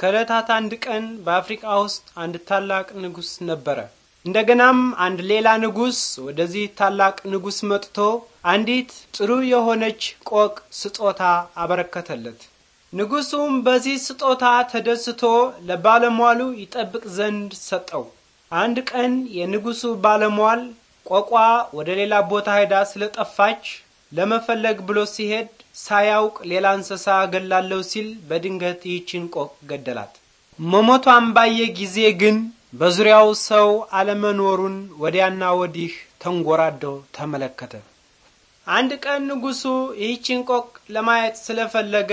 ከዕለታት አንድ ቀን በአፍሪቃ ውስጥ አንድ ታላቅ ንጉሥ ነበረ። እንደገናም አንድ ሌላ ንጉሥ ወደዚህ ታላቅ ንጉሥ መጥቶ አንዲት ጥሩ የሆነች ቆቅ ስጦታ አበረከተለት። ንጉሡም በዚህ ስጦታ ተደስቶ ለባለሟሉ ይጠብቅ ዘንድ ሰጠው። አንድ ቀን የንጉሡ ባለሟል ቆቋ ወደ ሌላ ቦታ ሄዳ ስለጠፋች ለመፈለግ ብሎ ሲሄድ ሳያውቅ ሌላ እንስሳ ገላለው ሲል በድንገት ይህችን ቆቅ ገደላት። መሞቷን ባየ ጊዜ ግን በዙሪያው ሰው አለመኖሩን ወዲያና ወዲህ ተንጎራዶ ተመለከተ። አንድ ቀን ንጉሱ ይህችን ቆቅ ለማየት ስለፈለገ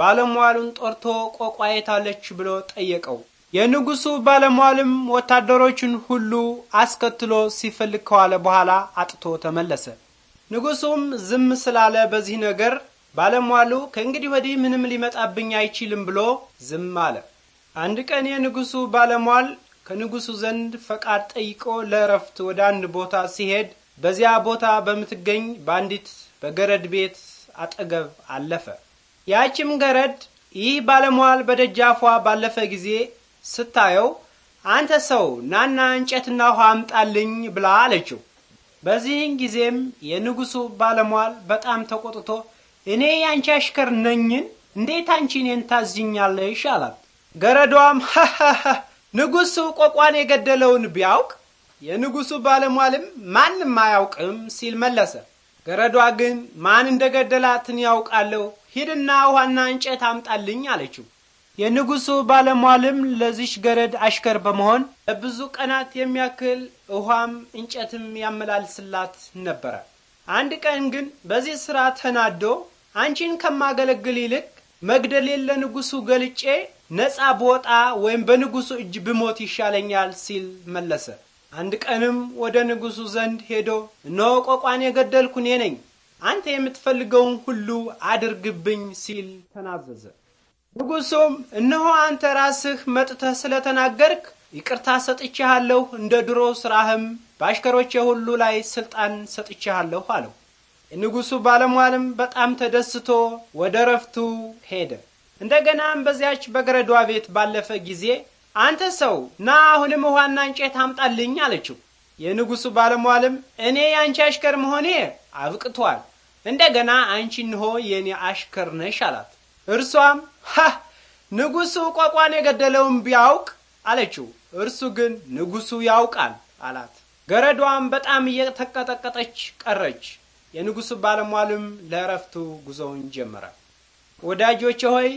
ባለሟሉን ጠርቶ ቆቋ የታለች ብሎ ጠየቀው። የንጉሱ ባለሟልም ወታደሮችን ሁሉ አስከትሎ ሲፈልግ ከዋለ በኋላ አጥቶ ተመለሰ። ንጉሡም ዝም ስላለ በዚህ ነገር ባለሟሉ ከእንግዲህ ወዲህ ምንም ሊመጣብኝ አይችልም ብሎ ዝም አለ። አንድ ቀን የንጉሡ ባለሟል ከንጉሡ ዘንድ ፈቃድ ጠይቆ ለእረፍት ወደ አንድ ቦታ ሲሄድ በዚያ ቦታ በምትገኝ በአንዲት በገረድ ቤት አጠገብ አለፈ። ያችም ገረድ ይህ ባለሟል በደጃፏ ባለፈ ጊዜ ስታየው አንተ ሰው ናና እንጨትና ውሃ አምጣልኝ ብላ አለችው። በዚህን ጊዜም የንጉሱ ባለሟል በጣም ተቆጥቶ እኔ ያንቺ አሽከር ነኝን? እንዴት አንቺ እኔን ታዝኛለሽ? አላት። ገረዷም ንጉሱ ቆቋን የገደለውን ቢያውቅ የንጉሱ ባለሟልም ማንም አያውቅም ሲል መለሰ። ገረዷ ግን ማን እንደገደላትን ያውቃለሁ፣ ሂድና ውሃና እንጨት አምጣልኝ አለችው። የንጉሱ ባለሟልም ለዚች ገረድ አሽከር በመሆን ለብዙ ቀናት የሚያክል ውሃም እንጨትም ያመላልስላት ነበረ። አንድ ቀን ግን በዚህ ሥራ ተናዶ አንቺን ከማገለግል ይልቅ መግደሌን ለንጉሡ ገልጬ ነፃ ብወጣ ወይም በንጉሡ እጅ ብሞት ይሻለኛል ሲል መለሰ። አንድ ቀንም ወደ ንጉሡ ዘንድ ሄዶ እነሆ ቆቋን የገደልኩ እኔ ነኝ፣ አንተ የምትፈልገውን ሁሉ አድርግብኝ ሲል ተናዘዘ። ንጉሡም እነሆ አንተ ራስህ መጥተህ ስለተናገርክ ይቅርታ ሰጥቼሃለሁ፣ እንደ ድሮ ስራህም በአሽከሮቼ ሁሉ ላይ ስልጣን ሰጥቼሃለሁ አለው። ንጉሡ ባለሟልም በጣም ተደስቶ ወደ ረፍቱ ሄደ። እንደገናም በዚያች በገረዷ ቤት ባለፈ ጊዜ አንተ ሰው ና አሁንም ውሃና እንጨት አምጣልኝ አለችው። የንጉሡ ባለሟልም እኔ የአንቺ አሽከር መሆኔ አብቅቷል፣ እንደገና አንቺ እንሆ የእኔ አሽከር ነሽ አላት። እርሷም ሃ ንጉሡ ቋቋን የገደለውን ቢያውቅ አለችው። እርሱ ግን ንጉሡ ያውቃል አላት። ገረዷም በጣም እየተቀጠቀጠች ቀረች። የንጉሡ ባለሟልም ለእረፍቱ ጉዞውን ጀመረ። ወዳጆች ሆይ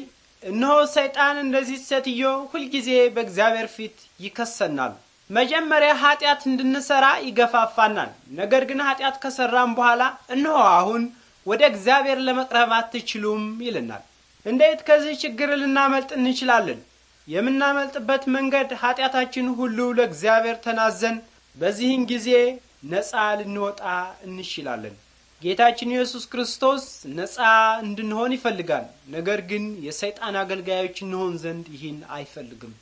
እነሆ ሰይጣን እንደዚህ ሴትዮ ሁልጊዜ በእግዚአብሔር ፊት ይከሰናሉ። መጀመሪያ ኃጢአት እንድንሰራ ይገፋፋናል። ነገር ግን ኃጢአት ከሰራም በኋላ እነሆ አሁን ወደ እግዚአብሔር ለመቅረብ አትችሉም ይልናል። እንዴት ከዚህ ችግር ልናመልጥ እንችላለን? የምናመልጥበት መንገድ ኀጢአታችን ሁሉ ለእግዚአብሔር ተናዘን በዚህን ጊዜ ነፃ ልንወጣ እንችላለን። ጌታችን ኢየሱስ ክርስቶስ ነፃ እንድንሆን ይፈልጋል። ነገር ግን የሰይጣን አገልጋዮች እንሆን ዘንድ ይህን አይፈልግም።